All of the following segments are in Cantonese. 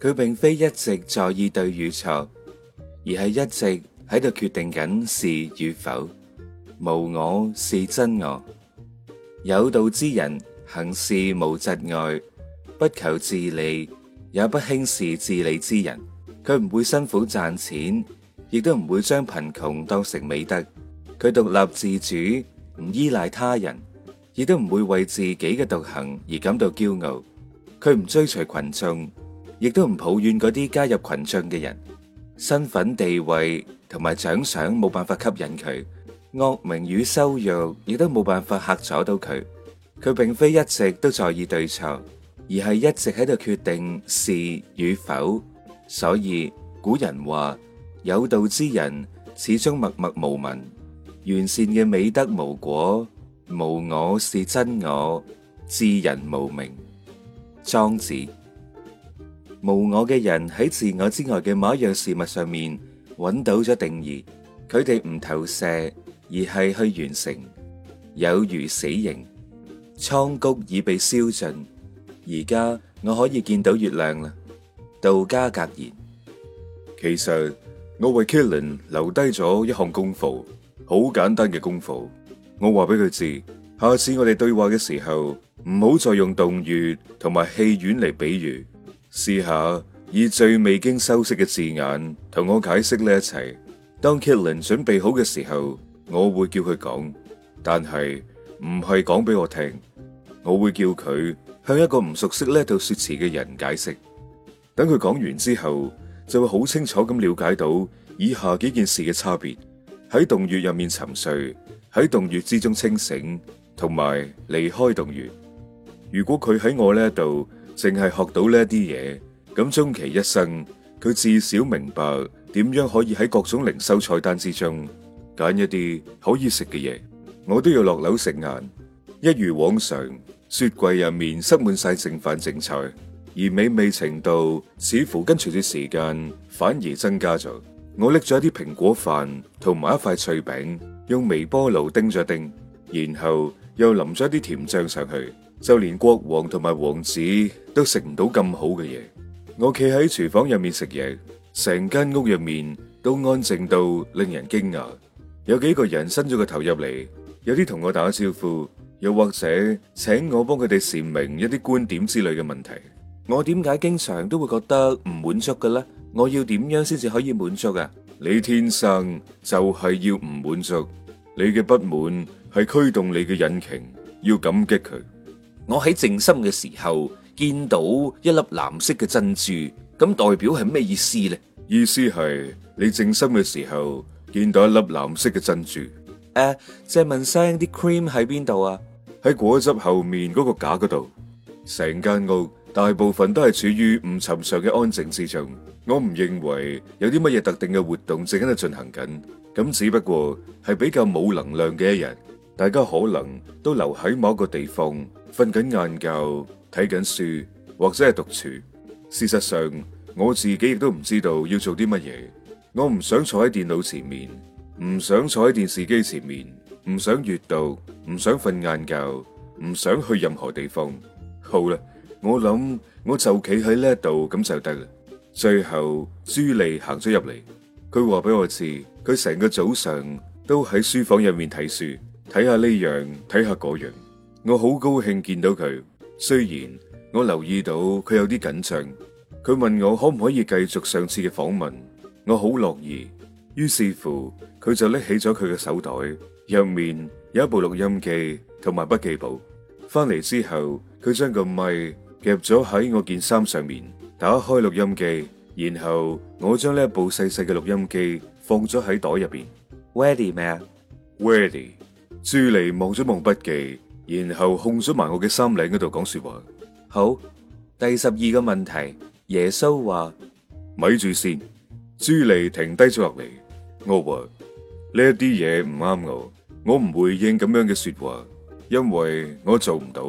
佢並非一直在意對與錯，而係一直喺度決定緊是與否。無我是真我，有道之人行事無窒礙，不求自利，也不輕視自利之人。佢唔會辛苦賺錢，亦都唔會將貧窮當成美德。佢獨立自主，唔依賴他人，亦都唔會為自己嘅獨行而感到驕傲。佢唔追隨群眾。亦都唔抱怨嗰啲加入群眾嘅人，身份地位同埋長相冇辦法吸引佢，惡名與羞辱亦都冇辦法嚇阻到佢。佢並非一直都在意對錯，而係一直喺度決定是與否。所以古人話：有道之人始終默默無聞，完善嘅美德無果，無我是真我，知人無名。莊子。無我嘅人喺自我之外嘅某一樣事物上面揾到咗定義，佢哋唔投射，而係去完成，有如死刑。倉穀已被燒盡，而家我可以見到月亮啦。道家格言，其實我為 Killing 留低咗一項功夫，好簡單嘅功夫。我話俾佢知，下次我哋對話嘅時候，唔好再用洞穴同埋戲院嚟比喻。試下以最未經修飾嘅字眼同我解釋呢一切。當 Kilian 準備好嘅時候，我會叫佢講，但係唔係講俾我聽，我會叫佢向一個唔熟悉呢度說詞嘅人解釋。等佢講完之後，就會好清楚咁了解到以下幾件事嘅差別：喺洞穴入面沉睡，喺洞穴之中清醒，同埋離開洞穴。如果佢喺我呢一度，淨係學到呢一啲嘢，咁終其一生佢至少明白點樣可以喺各種零售菜單之中揀一啲可以食嘅嘢。我都要落樓食晏，一如往常，雪櫃入面塞滿晒剩飯剩菜，而美味程度似乎跟隨住時間反而增加咗。我拎咗一啲蘋果飯同埋一塊脆餅，用微波爐叮咗叮，然後又淋咗一啲甜醬上去，就連國王同埋王子。都食唔到咁好嘅嘢。我企喺廚房入面食嘢，成間屋入面都安靜到令人驚訝。有幾個人伸咗個頭入嚟，有啲同我打咗招呼，又或者請我幫佢哋闡明一啲觀點之類嘅問題。我點解經常都會覺得唔滿足嘅咧？我要點樣先至可以滿足啊？你天生就係要唔滿足，你嘅不滿係驅動你嘅引擎，要感激佢。我喺靜心嘅時候，見到一粒藍色嘅珍珠，咁代表係咩意思呢？意思係你靜心嘅時候見到一粒藍色嘅珍珠。誒，借問聲，啲 cream 喺邊度啊？喺果汁後面嗰個架嗰度。成間屋大部分都係處於唔尋常嘅安靜之中。我唔認為有啲乜嘢特定嘅活動正喺度進行緊。咁只不過係比較冇能量嘅一日，大家可能都留喺某一個地方瞓緊晏覺。睇緊書或者係獨處。事實上，我自己亦都唔知道要做啲乜嘢。我唔想坐喺電腦前面，唔想坐喺電視機前面，唔想閱讀，唔想瞓晏覺，唔想去任何地方。好啦，我諗我就企喺呢一度咁就得啦。最後朱莉行咗入嚟，佢話俾我知佢成個早上都喺書房入面睇書，睇下呢樣，睇下嗰樣。我好高興見到佢。雖然我留意到佢有啲緊張，佢問我可唔可以繼續上次嘅訪問，我好樂意。於是乎，佢就拎起咗佢嘅手袋，入面有一部錄音機同埋筆記簿。翻嚟之後，佢將個咪夾咗喺我件衫上面，打開錄音機，然後我將呢一部細細嘅錄音機放咗喺袋入邊。Ready 咩 man .啊 Ready。朱莉望咗望筆記。然後控咗埋我嘅心領喺度講說話。好，第十二個問題，耶穌話：咪住先。朱莉停低咗落嚟，我話呢一啲嘢唔啱我，我唔回應咁樣嘅說話，因為我做唔到。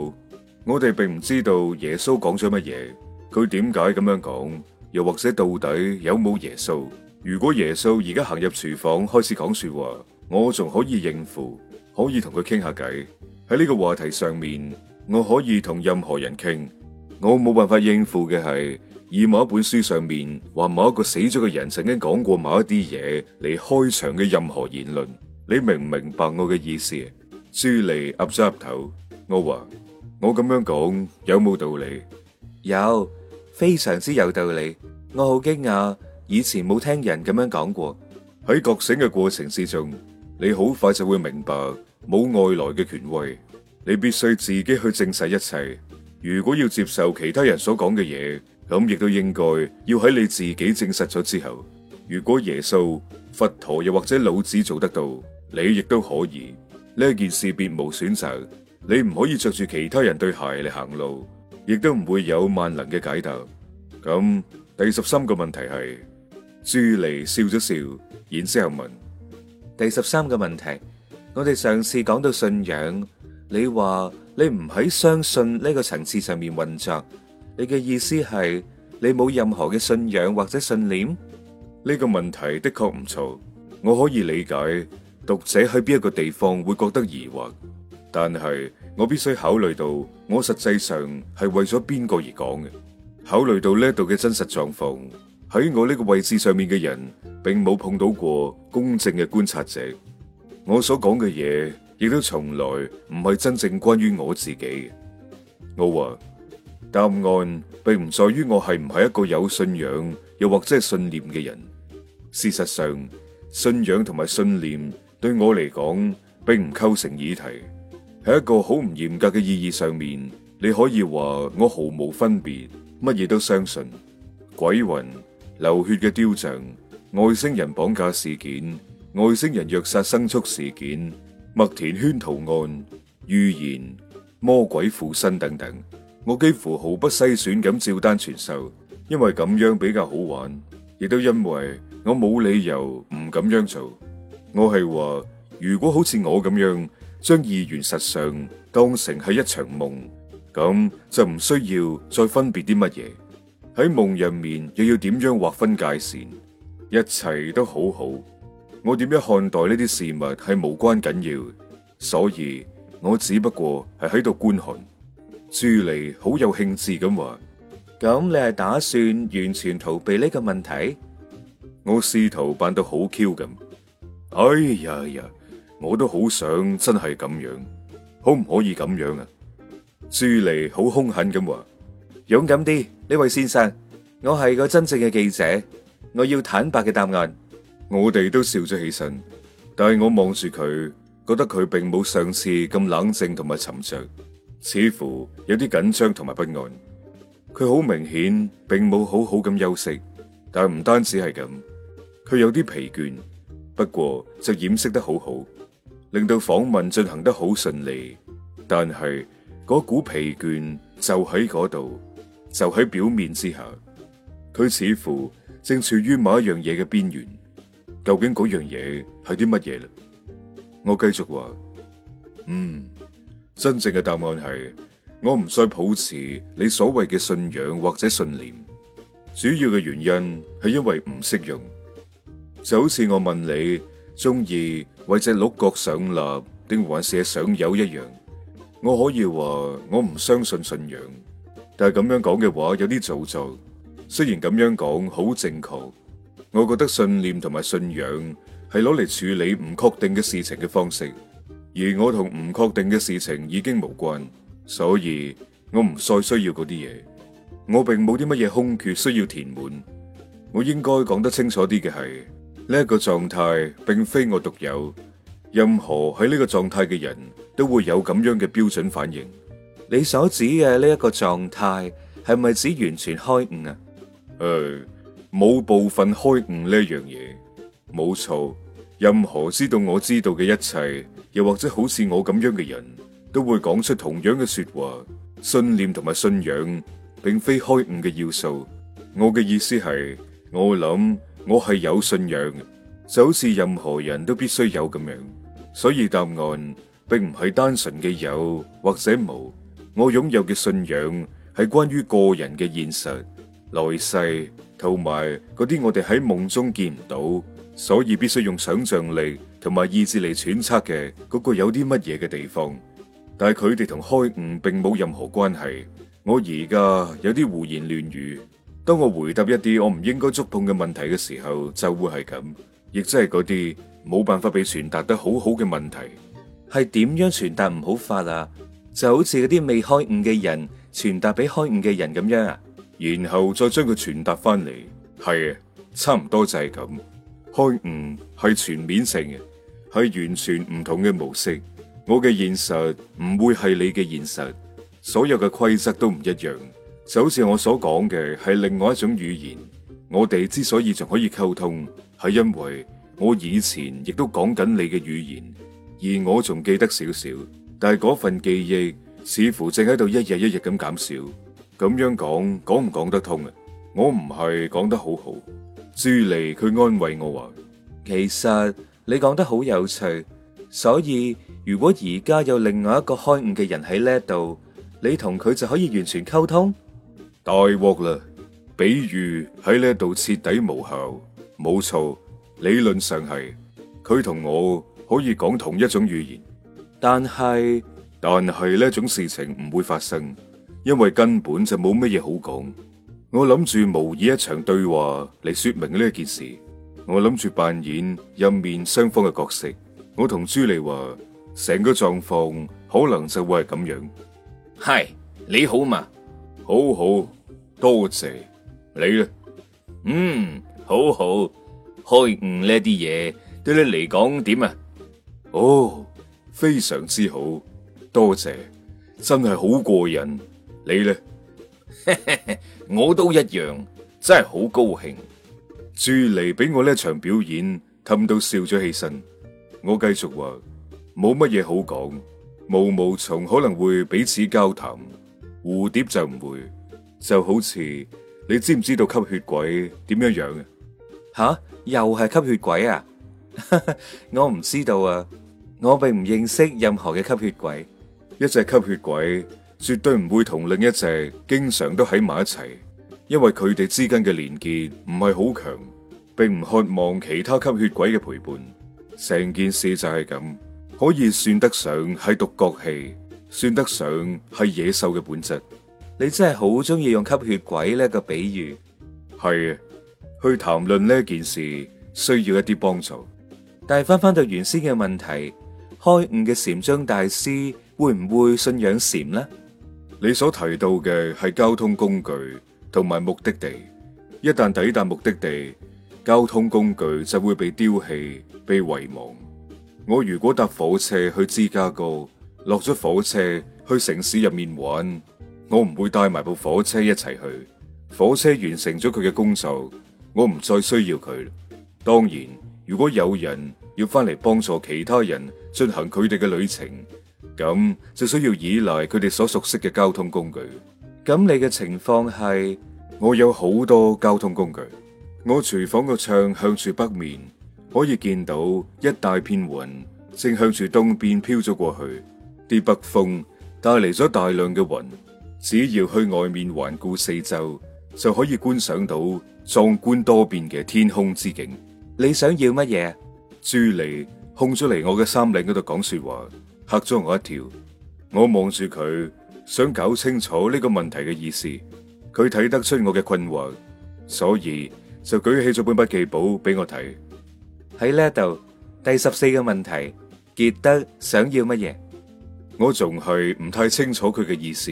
我哋並唔知道耶穌講咗乜嘢，佢點解咁樣講，又或者到底有冇耶穌？如果耶穌而家行入廚房開始講說話，我仲可以應付，可以同佢傾下偈。喺呢個話題上面，我可以同任何人傾。我冇辦法應付嘅係以某一本書上面話某一個死咗嘅人曾經講過某一啲嘢嚟開場嘅任何言論。你明唔明白我嘅意思？朱莉岌咗岌頭，我話我咁樣講有冇道理？有，非常之有道理。我好驚訝，以前冇聽人咁樣講過。喺覺醒嘅過程之中，你好快就會明白。冇外來嘅權威，你必須自己去證實一切。如果要接受其他人所講嘅嘢，咁亦都應該要喺你自己證實咗之後。如果耶穌、佛陀又或者老子做得到，你亦都可以。呢件事別無選擇，你唔可以着住其他人對鞋嚟行路，亦都唔會有萬能嘅解答。咁第十三個問題係，朱莉笑咗笑，然之後問：第十三個問題。我哋上次講到信仰，你話你唔喺相信呢個層次上面運作，你嘅意思係你冇任何嘅信仰或者信念？呢個問題的確唔錯，我可以理解讀者喺邊一個地方會覺得疑惑，但係我必須考慮到我實際上係為咗邊個而講嘅，考慮到呢度嘅真實狀況，喺我呢個位置上面嘅人並冇碰到過公正嘅觀察者。我所講嘅嘢，亦都從來唔係真正關於我自己。我話答案並唔在於我係唔係一個有信仰，又或者係信念嘅人。事實上，信仰同埋信念對我嚟講，並唔構成議題。喺一個好唔嚴格嘅意義上面，你可以話我毫無分別，乜嘢都相信，鬼魂、流血嘅雕像、外星人綁架事件。外星人虐殺生畜事件、麥田圈圖案、預言、魔鬼附身等等，我幾乎毫不篩選咁照單全收，因為咁樣比較好玩，亦都因為我冇理由唔咁樣做。我係話，如果好似我咁樣將二元實相當成係一場夢，咁就唔需要再分別啲乜嘢喺夢入面，又要點樣劃分界線？一切都好好。我點樣看待呢啲事物係無關緊要，所以我只不過係喺度觀看。朱莉好有興致咁話：「咁你係打算完全逃避呢個問題？我試圖扮到好 Q 咁。哎呀呀，我都好想真係咁樣，可唔可以咁樣啊？朱莉好兇狠咁話：「勇敢啲，呢位先生，我係個真正嘅記者，我要坦白嘅答案。我哋都笑咗起身，但係我望住佢，覺得佢並冇上次咁冷靜同埋沉着，似乎有啲緊張同埋不安。佢好明顯並冇好好咁休息，但唔單止係咁，佢有啲疲倦，不過就掩飾得好好，令到訪問進行得好順利。但係嗰股疲倦就喺嗰度，就喺表面之下，佢似乎正處於某一樣嘢嘅邊緣。究竟嗰樣嘢係啲乜嘢咧？我繼續話，嗯，真正嘅答案係我唔再抱持你所謂嘅信仰或者信念，主要嘅原因係因為唔適用。就好似我問你中意為隻鹿角上蠟定還是上油一樣，我可以話我唔相信信仰，但係咁樣講嘅話有啲做作，雖然咁樣講好正確。我覺得信念同埋信仰係攞嚟處理唔確定嘅事情嘅方式，而我同唔確定嘅事情已經無關，所以我唔再需要嗰啲嘢。我並冇啲乜嘢空缺需要填滿。我應該講得清楚啲嘅係，呢一個狀態並非我獨有，任何喺呢個狀態嘅人都會有咁樣嘅標準反應。你所指嘅呢一個狀態係咪指完全開悟啊？誒。冇部分開悟呢樣嘢，冇錯。任何知道我知道嘅一切，又或者好似我咁樣嘅人，都會講出同樣嘅說話。信念同埋信仰，並非開悟嘅要素。我嘅意思係，我諗我係有信仰，就好似任何人都必須有咁樣。所以答案並唔係單純嘅有或者冇。我擁有嘅信仰係關於個人嘅現實來世。同埋嗰啲我哋喺夢中見唔到，所以必須用想象力同埋意志力揣測嘅嗰個有啲乜嘢嘅地方，但係佢哋同開悟並冇任何關係。我而家有啲胡言亂語，當我回答一啲我唔應該觸碰嘅問題嘅時候，就會係咁，亦即係嗰啲冇辦法被傳達得好好嘅問題，係點樣傳達唔好法啊？就好似嗰啲未開悟嘅人傳達俾開悟嘅人咁樣啊？然後再將佢傳達翻嚟，係啊，差唔多就係咁。開悟係全面性嘅，係完全唔同嘅模式。我嘅現實唔會係你嘅現實，所有嘅規則都唔一樣。就好似我所講嘅係另外一種語言。我哋之所以仲可以溝通，係因為我以前亦都講緊你嘅語言，而我仲記得少少，但係嗰份記憶似乎正喺度一日一日咁減少。咁樣講，講唔講得通啊？我唔係講得好好。朱莉佢安慰我話：其實你講得好有趣。所以如果而家有另外一個開悟嘅人喺呢度，你同佢就可以完全溝通。大鑊啦！比喻喺呢度徹底無效。冇錯，理論上係佢同我可以講同一種語言，但係是但係呢種事情唔會發生。因為根本就冇乜嘢好講，我諗住模擬一場對話嚟說明呢一件事。我諗住扮演入面雙方嘅角色，我同朱莉話，成個狀況可能就會係咁樣。係你好嘛？好好，多謝你啊。嗯，好好，開悟呢啲嘢對你嚟講點啊？哦，非常之好，多謝，真係好過癮。你咧？ 我都一樣，真係好高興。朱莉俾我呢場表演，氹到笑咗起身。我繼續話冇乜嘢好講，毛毛蟲可能會彼此交談，蝴蝶就唔會，就好似你知唔知道吸血鬼點樣樣啊？吓，又係吸血鬼啊？ 我唔知道啊，我並唔認識任何嘅吸血鬼，一隻吸血鬼。絕對唔會同另一隻經常都喺埋一齊，因為佢哋之間嘅連結唔係好強，並唔渴望其他吸血鬼嘅陪伴。成件事就係咁，可以算得上係獨角戲，算得上係野獸嘅本質。你真係好中意用吸血鬼呢個比喻。係呀，去談論呢件事需要一啲幫助。但係翻翻到原先嘅問題，開悟嘅禪宗大師會唔會信仰禪呢？你所提到嘅係交通工具同埋目的地，一旦抵達目的地，交通工具就會被丟棄、被遺忘。我如果搭火車去芝加哥，落咗火車去城市入面玩，我唔會帶埋部火車一齊去。火車完成咗佢嘅工作，我唔再需要佢。當然，如果有人要翻嚟幫助其他人進行佢哋嘅旅程。咁就需要依賴佢哋所熟悉嘅交通工具。咁你嘅情況係我有好多交通工具。我廚房個窗向住北面，可以見到一大片雲正向住東邊飄咗過去。啲北風帶嚟咗大量嘅雲。只要去外面環顧四周，就可以觀賞到壯觀多變嘅天空之景。你想要乜嘢？朱莉控咗嚟我嘅衫領嗰度講說話。嚇咗我一條，我望住佢，想搞清楚呢個問題嘅意思。佢睇得出我嘅困惑，所以就舉起咗本筆記簿俾我睇。喺呢度第十四個問題，杰德想要乜嘢？我仲係唔太清楚佢嘅意思，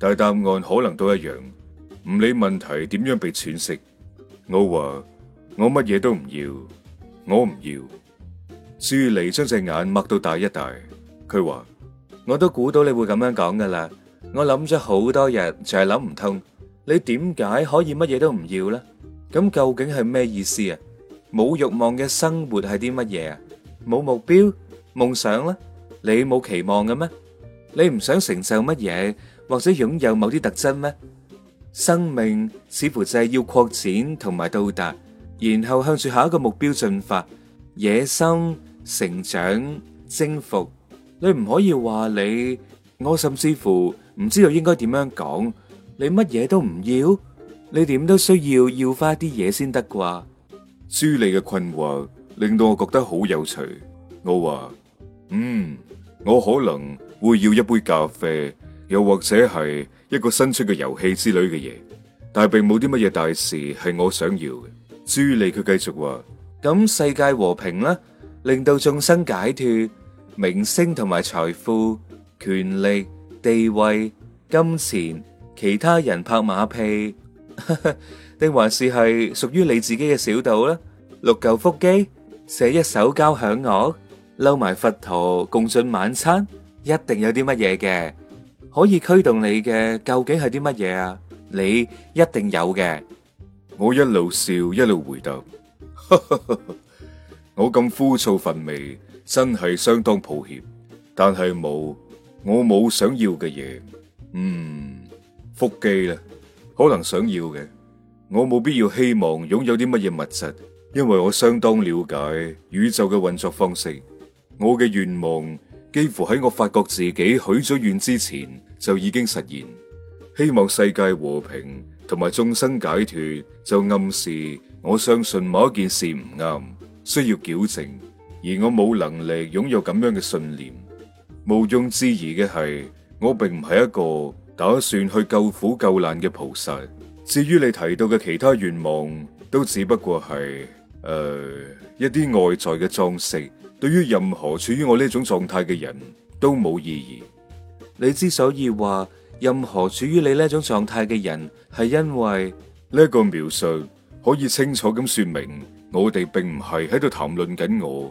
但係答案可能都一樣。唔理問題點樣被詮釋，我話我乜嘢都唔要，我唔要。朱莉將隻眼擘到大一大。佢話：我都估到你會咁樣講噶啦，我諗咗好多日，就係諗唔通你點解可以乜嘢都唔要咧？咁究竟係咩意思啊？冇欲望嘅生活係啲乜嘢啊？冇目標、夢想咧？你冇期望嘅咩？你唔想成就乜嘢或者擁有某啲特質咩？生命似乎就係要擴展同埋到達，然後向住下一個目標進發，野心、成長、征服。你唔可以話你，我甚至乎唔知道應該點樣講。你乜嘢都唔要，你點都需要要翻啲嘢先得啩？朱莉嘅困惑令到我覺得好有趣。我話：嗯，我可能會要一杯咖啡，又或者係一個新出嘅遊戲之類嘅嘢，但係並冇啲乜嘢大事係我想要嘅。朱莉佢繼續話：咁世界和平啦，令到眾生解脫。明星同埋財富、權力、地位、金錢，其他人拍馬屁，定還是係屬於你自己嘅小島啦？六嚿腹肌，寫一手交響樂，摟埋佛陀共進晚餐，一定有啲乜嘢嘅，可以驅動你嘅，究竟係啲乜嘢啊？你一定有嘅。我一路笑一路回答，我咁枯燥乏味。真係相當抱歉，但係冇我冇想要嘅嘢。嗯，腹肌咧，可能想要嘅，我冇必要希望擁有啲乜嘢物質，因為我相當了解宇宙嘅運作方式。我嘅願望幾乎喺我發覺自己許咗願之前就已經實現。希望世界和平同埋眾生解脱，就暗示我相信某一件事唔啱，需要矯正。而我冇能力擁有咁樣嘅信念。毋庸置疑嘅係，我並唔係一個打算去救苦救難嘅菩薩。至於你提到嘅其他願望，都只不過係誒、呃、一啲外在嘅裝飾，對於任何處於我呢種狀態嘅人都冇意義。你之所以話任何處於你呢種狀態嘅人，係因為呢個描述可以清楚咁說明，我哋並唔係喺度談論緊我。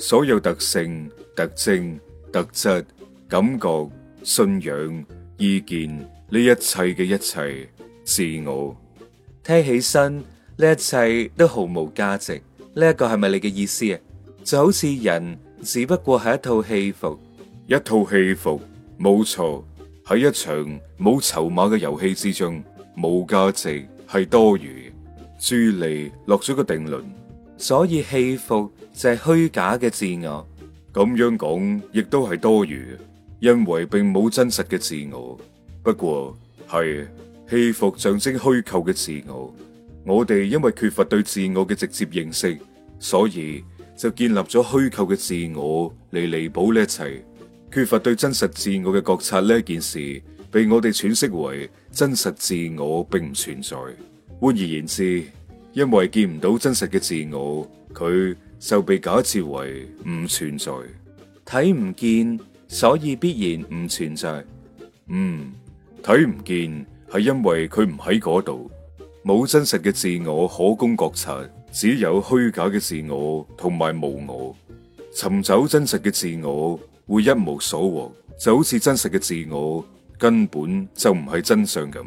所有特性、特徵、特質、感覺、信仰、意見，呢一切嘅一切，自我。聽起身，呢一切都毫無價值。呢、這、一個係咪你嘅意思啊？就好似人，只不過係一套戲服，一套戲服冇錯，喺一場冇籌碼嘅遊戲之中，冇價值係多餘。朱莉落咗個定論。所以戲服就係虛假嘅自我，咁樣講亦都係多餘，因為並冇真實嘅自我。不過係戲服象徵虛構嘅自我，我哋因為缺乏對自我嘅直接認識，所以就建立咗虛構嘅自我嚟彌補呢一切缺乏對真實自我嘅覺察呢一件事，被我哋詮釋為真實自我並唔存在。換而言之。因為見唔到真實嘅自我，佢就被假設為唔存在。睇唔見，所以必然唔存在。嗯，睇唔見係因為佢唔喺嗰度，冇真實嘅自我可供覺察，只有虛假嘅自我同埋無我。尋找真實嘅自我會一無所獲，就好似真實嘅自我根本就唔係真相咁。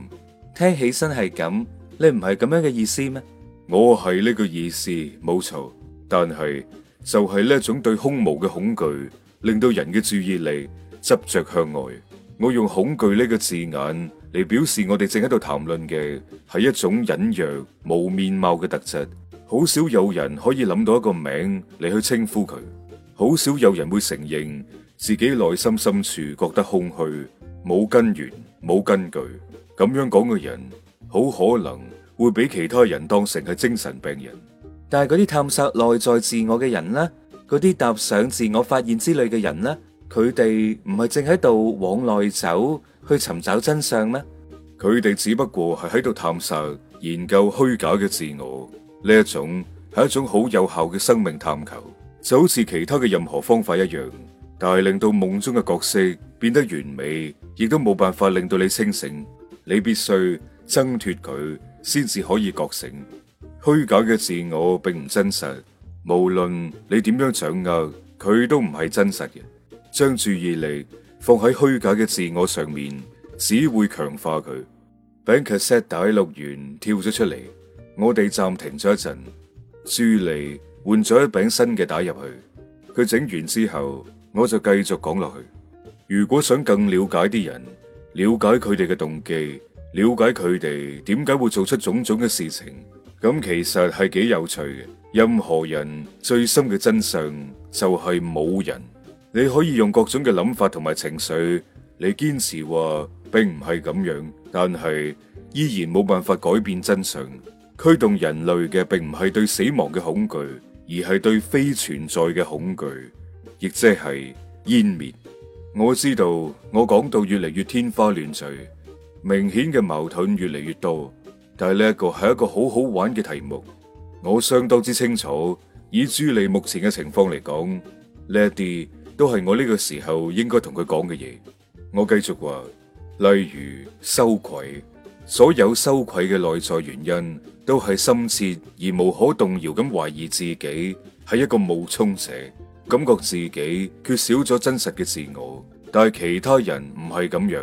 聽起身係咁，你唔係咁樣嘅意思咩？我係呢個意思冇錯，但係就係呢一種對空無嘅恐懼，令到人嘅注意力執着向外。我用恐懼呢個字眼嚟表示我哋正喺度談論嘅係一種隱約冇面貌嘅特質，好少有人可以諗到一個名嚟去稱呼佢，好少有人會承認自己內心深處覺得空虛、冇根源、冇根據。咁樣講嘅人，好可能。會俾其他人當成係精神病人，但係嗰啲探索內在自我嘅人咧，嗰啲踏上自我發現之類嘅人咧，佢哋唔係正喺度往內走去尋找真相咩？佢哋只不過係喺度探索、研究虛假嘅自我。呢一種係一種好有效嘅生命探求，就好似其他嘅任何方法一樣，但係令到夢中嘅角色變得完美，亦都冇辦法令到你清醒，你必須掙脫佢先至可以覺醒，虛假嘅自我並唔真實。無論你點樣掌握，佢都唔係真實嘅。將注意力放喺虛假嘅自我上面，只會強化佢。餅 cassette 帶錄完跳咗出嚟，我哋暫停咗一陣。朱莉換咗一柄新嘅帶入去，佢整完之後，我就繼續講落去。如果想更了解啲人，了解佢哋嘅動機。了解佢哋點解會做出種種嘅事情，咁其實係幾有趣嘅。任何人最深嘅真相就係冇人。你可以用各種嘅諗法同埋情緒，嚟堅持話並唔係咁樣，但係依然冇辦法改變真相。驅動人類嘅並唔係對死亡嘅恐懼，而係對非存在嘅恐懼，亦即係湮滅。我知道我講到越嚟越天花亂墜。明顯嘅矛盾越嚟越多，但係呢一個係一個好好玩嘅題目。我相當之清楚，以朱莉目前嘅情況嚟講，呢一啲都係我呢個時候應該同佢講嘅嘢。我繼續話，例如羞愧，所有羞愧嘅內在原因都係深切而無可動搖咁懷疑自己係一個冒充者，感覺自己缺少咗真實嘅自我，但係其他人唔係咁樣。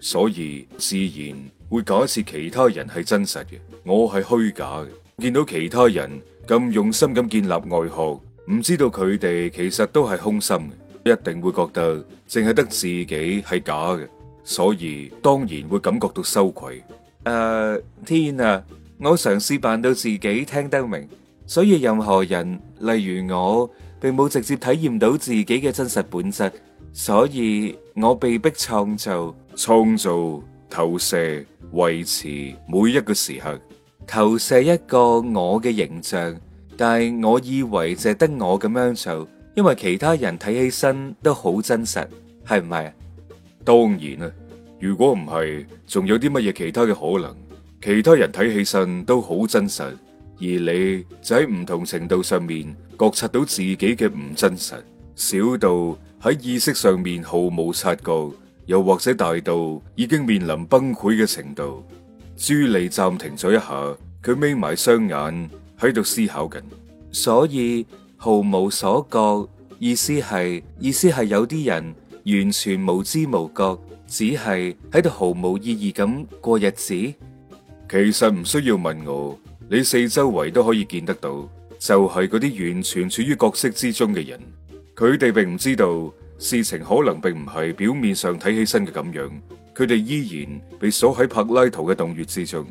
所以自然會假設其他人係真實嘅，我係虛假嘅。見到其他人咁用心咁建立外殼，唔知道佢哋其實都係空心嘅，一定會覺得淨係得自己係假嘅。所以當然會感覺到羞愧。誒，uh, 天啊！我嘗試扮到自己聽得明，所以任何人，例如我，並冇直接體驗到自己嘅真實本質，所以我被迫創造。創造、投射、維持每一個時刻，投射一個我嘅形象，但係我以為淨係得我咁樣做，因為其他人睇起身都好真實，係唔係？當然啦，如果唔係，仲有啲乜嘢其他嘅可能？其他人睇起身都好真實，而你就喺唔同程度上面覺察到自己嘅唔真實，小到喺意識上面毫無察覺。又或者大到已經面臨崩潰嘅程度，朱莉暫停咗一下，佢眯埋雙眼喺度思考緊。所以毫無所覺，意思係意思係有啲人完全無知無覺，只係喺度毫無意義咁過日子。其實唔需要問我，你四周圍都可以見得到，就係嗰啲完全處於角色之中嘅人，佢哋並唔知道。事情可能並唔係表面上睇起身嘅咁樣，佢哋依然被鎖喺柏拉圖嘅洞穴之中。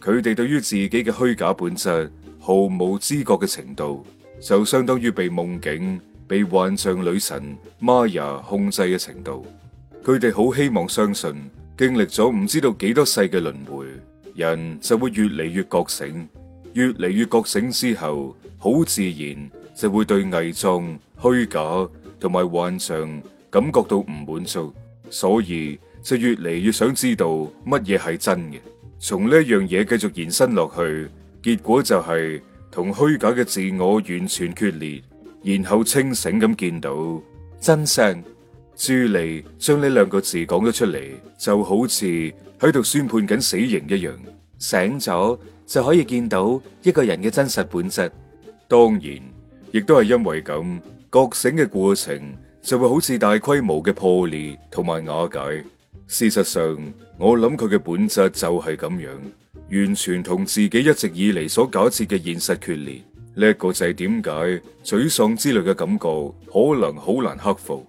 佢哋對於自己嘅虛假本質毫無知覺嘅程度，就相當於被夢境、被幻象女神瑪雅控制嘅程度。佢哋好希望相信，經歷咗唔知道幾多世嘅輪回，人就會越嚟越覺醒，越嚟越覺醒之後，好自然就會對偽裝、虛假，同埋幻象感覺到唔滿足，所以就越嚟越想知道乜嘢係真嘅。從呢樣嘢繼續延伸落去，結果就係同虛假嘅自我完全決裂，然後清醒咁見到真相。朱莉將呢兩個字講咗出嚟，就好似喺度宣判緊死刑一樣。醒咗就可以見到一個人嘅真實本質。當然，亦都係因為咁。覺醒嘅過程就會好似大規模嘅破裂同埋瓦解。事實上，我諗佢嘅本質就係咁樣，完全同自己一直以嚟所假設嘅現實決裂。呢一個就係點解沮喪之類嘅感覺可能好難克服，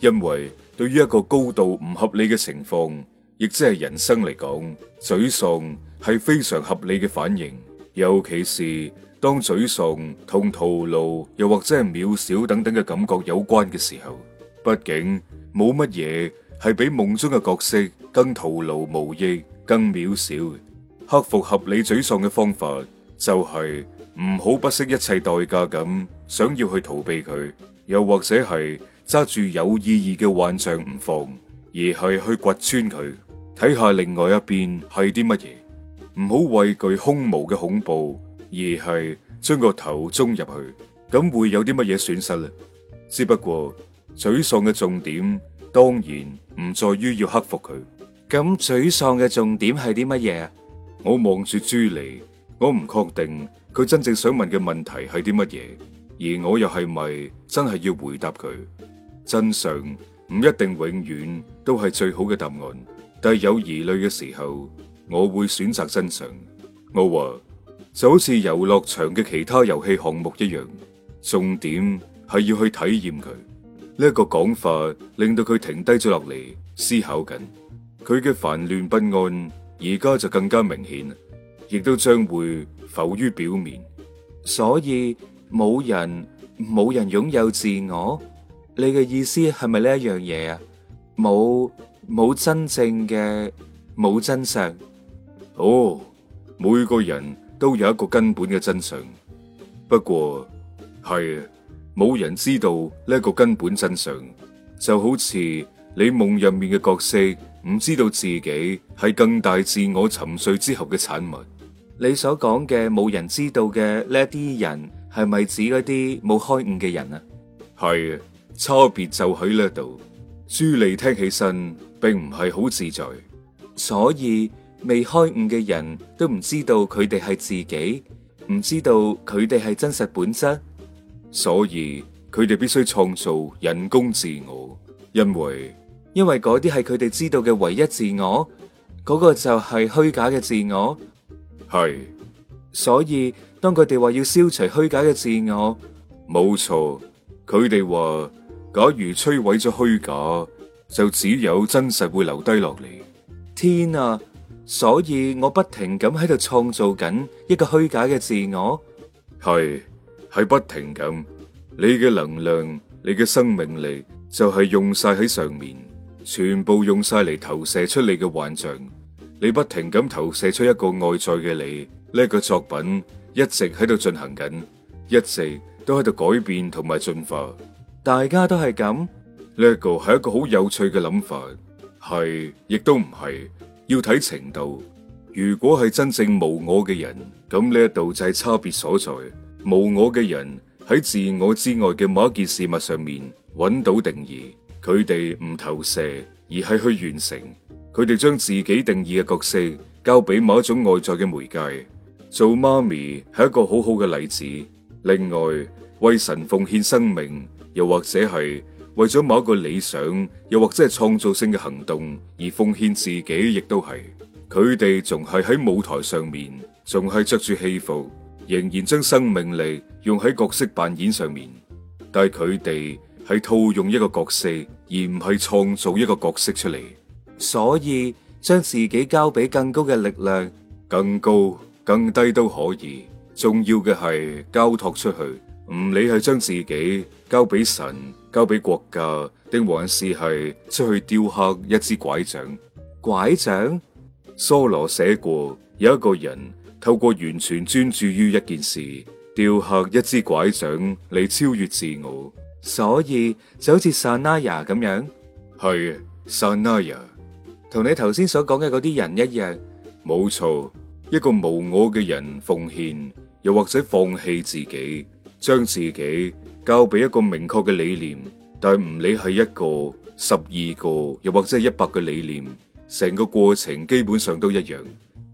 因為對於一個高度唔合理嘅情況，亦即係人生嚟講，沮喪係非常合理嘅反應，尤其是。當沮喪、同徒勞，又或者係渺小等等嘅感覺有關嘅時候，畢竟冇乜嘢係比夢中嘅角色更徒勞無益、更渺小嘅。克服合理沮喪嘅方法就係唔好不惜一切代價咁想要去逃避佢，又或者係揸住有意義嘅幻象唔放，而係去掘穿佢，睇下另外一邊係啲乜嘢。唔好畏懼空無嘅恐怖。而係將個頭中入去，咁會有啲乜嘢損失呢？只不過沮喪嘅重點，當然唔在於要克服佢。咁沮喪嘅重點係啲乜嘢啊？我望住朱莉，我唔確定佢真正想問嘅問題係啲乜嘢，而我又係咪真係要回答佢？真相唔一定永遠都係最好嘅答案，但係有疑慮嘅時候，我會選擇真相。我話。就好似遊樂場嘅其他遊戲項目一樣，重點係要去體驗佢。呢個講法，令到佢停低咗落嚟思考緊。佢嘅煩亂不安而家就更加明顯，亦都將會浮於表面。所以冇人，冇人擁有自我，你嘅意思係咪呢一樣嘢啊？冇，冇真正嘅冇真相？哦，每個人。都有一個根本嘅真相，不過係啊，冇人知道呢個根本真相，就好似你夢入面嘅角色唔知道自己係更大自我沉睡之後嘅產物。你所講嘅冇人知道嘅呢一啲人，係咪指嗰啲冇開悟嘅人啊？係啊，差別就喺呢度。朱莉聽起身，並唔係好自在，所以。未開悟嘅人都唔知道佢哋係自己，唔知道佢哋係真實本質，所以佢哋必須創造人工自我，因為因為嗰啲係佢哋知道嘅唯一自我，嗰、嗰個就係虛假嘅自我係。是所以當佢哋話要消除虛假嘅自我，冇錯，佢哋話假如摧毀咗虛假，就只有真實會留低落嚟。天啊！所以我不停咁喺度創造緊一個虛假嘅自我，係係不停咁。你嘅能量，你嘅生命力就係用晒喺上面，全部用晒嚟，投射出你嘅幻象。你不停咁投射出一個外在嘅你，呢個作品一直喺度進行緊，一直都喺度改變同埋進化。大家都係咁，呢個係一個好有趣嘅諗法，係亦都唔係。要睇程度，如果係真正無我嘅人，咁呢一度就係差別所在。無我嘅人喺自我之外嘅某一件事物上面揾到定義，佢哋唔投射，而係去完成。佢哋將自己定義嘅角色交俾某一種外在嘅媒介。做媽咪係一個好好嘅例子。另外，為神奉獻生命，又或者係。為咗某一個理想，又或者係創造性嘅行動而奉獻自己，亦都係。佢哋仲係喺舞台上面，仲係着住戲服，仍然將生命力用喺角色扮演上面。但係佢哋係套用一個角色，而唔係創造一個角色出嚟。所以將自己交俾更高嘅力量，更高、更低都可以，重要嘅係交託出去，唔理係將自己交俾神。交俾國家，定還是係出去雕刻一支拐杖？拐杖，梭羅寫過，有一個人透過完全專注於一件事，雕刻一支拐杖嚟超越自我，所以就好似 Sanaya 咁樣，係 Sanaya，同你頭先所講嘅嗰啲人一樣，冇錯，一個無我嘅人奉獻，又或者放棄自己，將自己。交俾一個明確嘅理念，但唔理係一個、十二個，又或者一百個理念，成個過程基本上都一樣。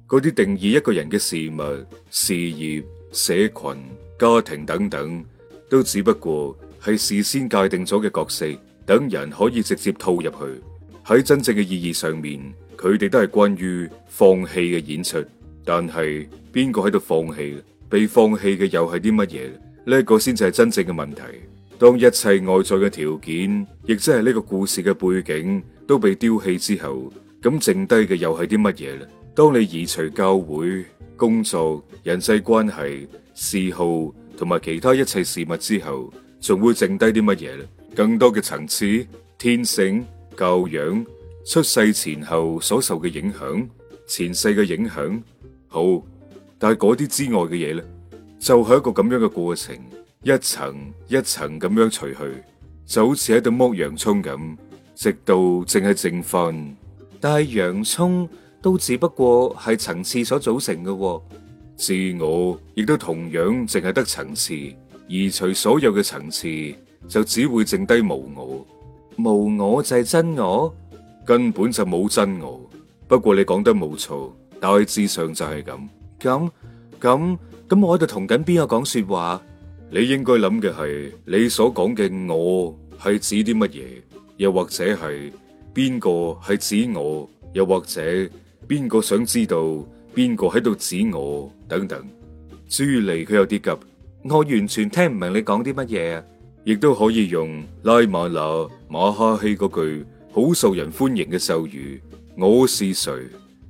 嗰啲定義一個人嘅事物、事業、社群、家庭等等，都只不過係事先界定咗嘅角色，等人可以直接套入去。喺真正嘅意義上面，佢哋都係關於放棄嘅演出。但係邊個喺度放棄？被放棄嘅又係啲乜嘢？呢個先至係真正嘅問題。當一切外在嘅條件，亦即係呢個故事嘅背景，都被丟棄之後，咁剩低嘅又係啲乜嘢咧？當你移除教會、工作、人際關係、嗜好同埋其他一切事物之後，仲會剩低啲乜嘢咧？更多嘅層次、天性、教養、出世前後所受嘅影響、前世嘅影響，好，但係嗰啲之外嘅嘢咧？就係一個咁樣嘅過程，一層一層咁樣除去，就好似喺度剝洋蔥咁，直到淨係剩翻。但係洋蔥都只不過係層次所組成嘅，哦，自我亦都同樣淨係得層次。移除所有嘅層次，就只會剩低無我。無我就係真我，根本就冇真我。不過你講得冇錯，大致上就係咁咁咁。咁我喺度同緊邊個講說話？你應該諗嘅係，你所講嘅我係指啲乜嘢？又或者係邊個係指我？又或者邊個想知道邊個喺度指我？等等。朱莉佢有啲急，我完全聽唔明你講啲乜嘢啊！亦都可以用拉瑪娜馬哈希嗰句好受人歡迎嘅咒語：我是誰？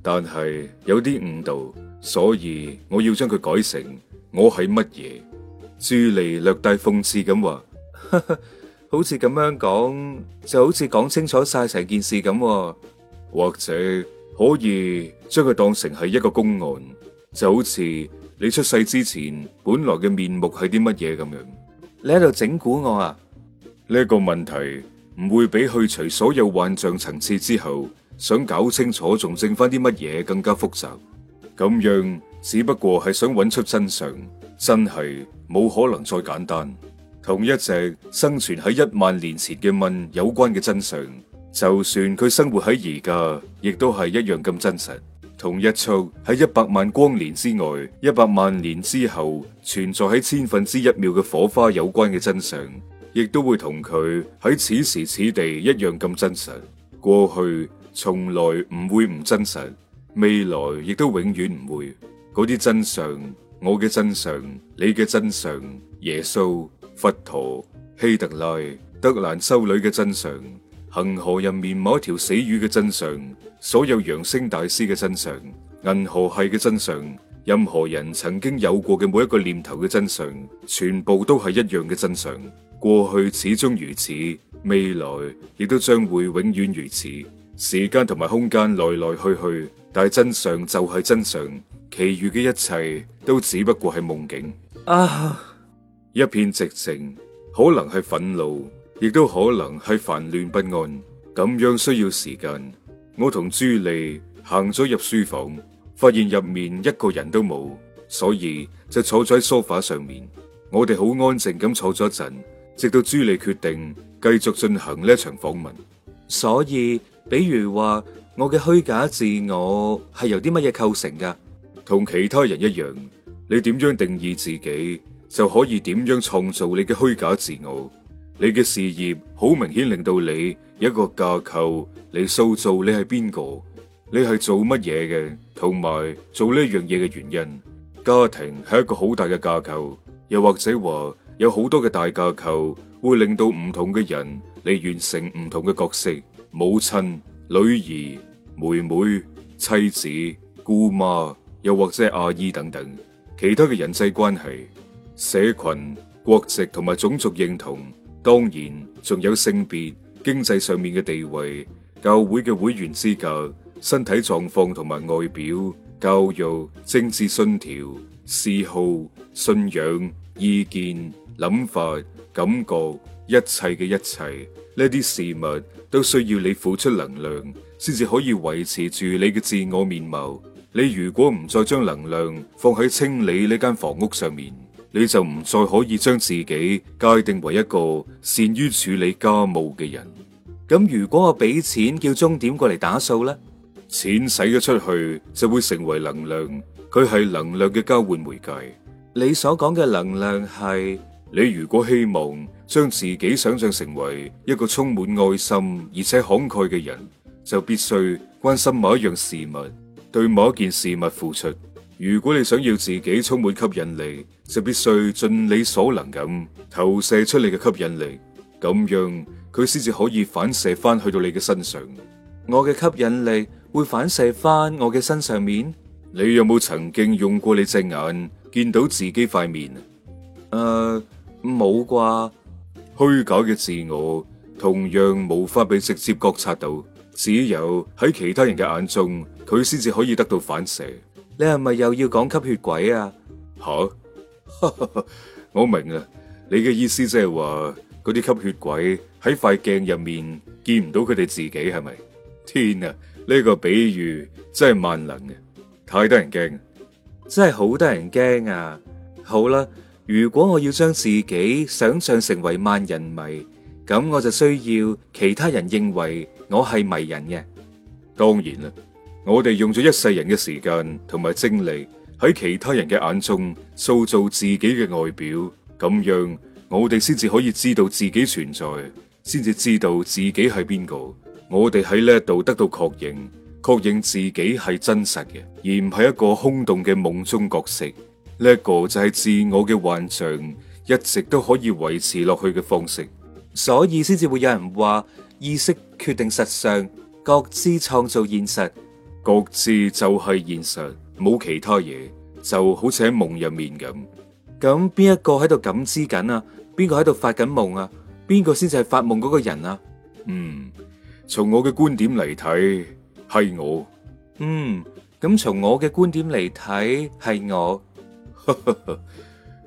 但係有啲誤導。所以我要將佢改成我係乜嘢。朱莉略帶諷刺咁話， 好似咁樣講就好似講清楚晒成件事咁。或者可以將佢當成係一個公案，就好似你出世之前本來嘅面目係啲乜嘢咁樣。你喺度整蠱我啊？呢個問題唔會比去除所有幻象層次之後，想搞清楚仲剩翻啲乜嘢更加複雜。咁樣只不過係想揾出真相，真係冇可能再簡單。同一隻生存喺一萬年前嘅蚊有關嘅真相，就算佢生活喺而家，亦都係一樣咁真實。同一束喺一百萬光年之外、一百萬年之後存在喺千分之一秒嘅火花有關嘅真相，亦都會同佢喺此時此地一樣咁真實。過去從來唔會唔真實。未來亦都永遠唔會。嗰啲真相，我嘅真相，你嘅真相，耶穌、佛陀、希特拉、德蘭修女嘅真相，恒河入面某一條死魚嘅真相，所有揚升大師嘅真相，銀河系嘅真相，任何人曾經有過嘅每一個念頭嘅真相，全部都係一樣嘅真相。過去始終如此，未來亦都將會永遠如此。時間同埋空間來來去去。但真相就係真相，其餘嘅一切都只不過係夢境啊！Uh、一片寂靜，可能係憤怒，亦都可能係煩亂不安，咁樣需要時間。我同朱莉行咗入書房，發現入面一個人都冇，所以就坐在梳化上面。我哋好安靜咁坐咗一陣，直到朱莉決定繼續進行呢一場訪問。所以，比如話。我嘅虛假自我係由啲乜嘢構成噶？同其他人一樣，你點樣定義自己就可以點樣創造你嘅虛假自我。你嘅事業好明顯令到你一個架構，你塑造你係邊個，你係做乜嘢嘅，同埋做呢一樣嘢嘅原因。家庭係一個好大嘅架構，又或者話有好多嘅大架構會令到唔同嘅人嚟完成唔同嘅角色，母親、女兒、妹妹、妻子、姑媽，又或者阿姨等等，其他嘅人際關係、社群、國籍同埋種族認同，當然仲有性別、經濟上面嘅地位、教會嘅會員資格、身體狀況同埋外表、教育、政治信條、嗜好、信仰、意見、諗法、感覺，一切嘅一切，呢一啲事物都需要你付出能量。先至可以維持住你嘅自我面貌。你如果唔再將能量放喺清理呢間房屋上面，你就唔再可以將自己界定為一個善於處理家務嘅人。咁如果我俾錢叫終點過嚟打掃呢？錢使咗出去就會成為能量，佢係能量嘅交換媒介。你所講嘅能量係你如果希望將自己想象成為一個充滿愛心而且慷慨嘅人。就必須關心某一樣事物，對某一件事物付出。如果你想要自己充滿吸引力，就必須盡你所能咁投射出你嘅吸引力，咁樣佢先至可以反射翻去到你嘅身上。我嘅吸引力會反射翻我嘅身上面。你有冇曾經用過你隻眼見到自己塊面啊？誒、uh，冇啩。虛假嘅自我同樣無法被直接覺察到。只有喺其他人嘅眼中，佢先至可以得到反射。你係咪又要講吸血鬼啊？吓哈， 我明啊。你嘅意思即係話，嗰啲吸血鬼喺塊鏡入面見唔到佢哋自己，係咪？天啊，呢、這個比喻真係萬能嘅，太得人驚，真係好得人驚啊！好啦，如果我要將自己想象成為萬人迷，咁我就需要其他人認為。我係迷人嘅。當然啦，我哋用咗一世人嘅時間同埋精力，喺其他人嘅眼中塑造自己嘅外表，咁樣我哋先至可以知道自己存在，先至知道自己係邊個。我哋喺呢度得到確認，確認自己係真實嘅，而唔係一個空洞嘅夢中角色。呢個就係自我嘅幻象，一直都可以維持落去嘅方式，所以先至會有人話意識決定實相，各自創造現實，各自就係現實，冇其他嘢，就好似喺夢入面咁。咁邊一個喺度感知緊啊？邊個喺度發緊夢啊？邊個先至係發夢嗰個人啊？嗯，從我嘅觀點嚟睇，係我。嗯，咁從我嘅觀點嚟睇，係我。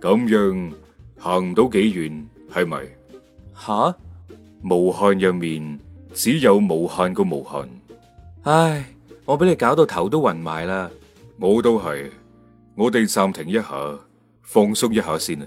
咁樣行唔到幾遠，係咪？吓？無限入面。只有無限個無限，唉！我俾你搞到頭都暈埋啦！我都係，我哋暫停一下，放鬆一下先啦。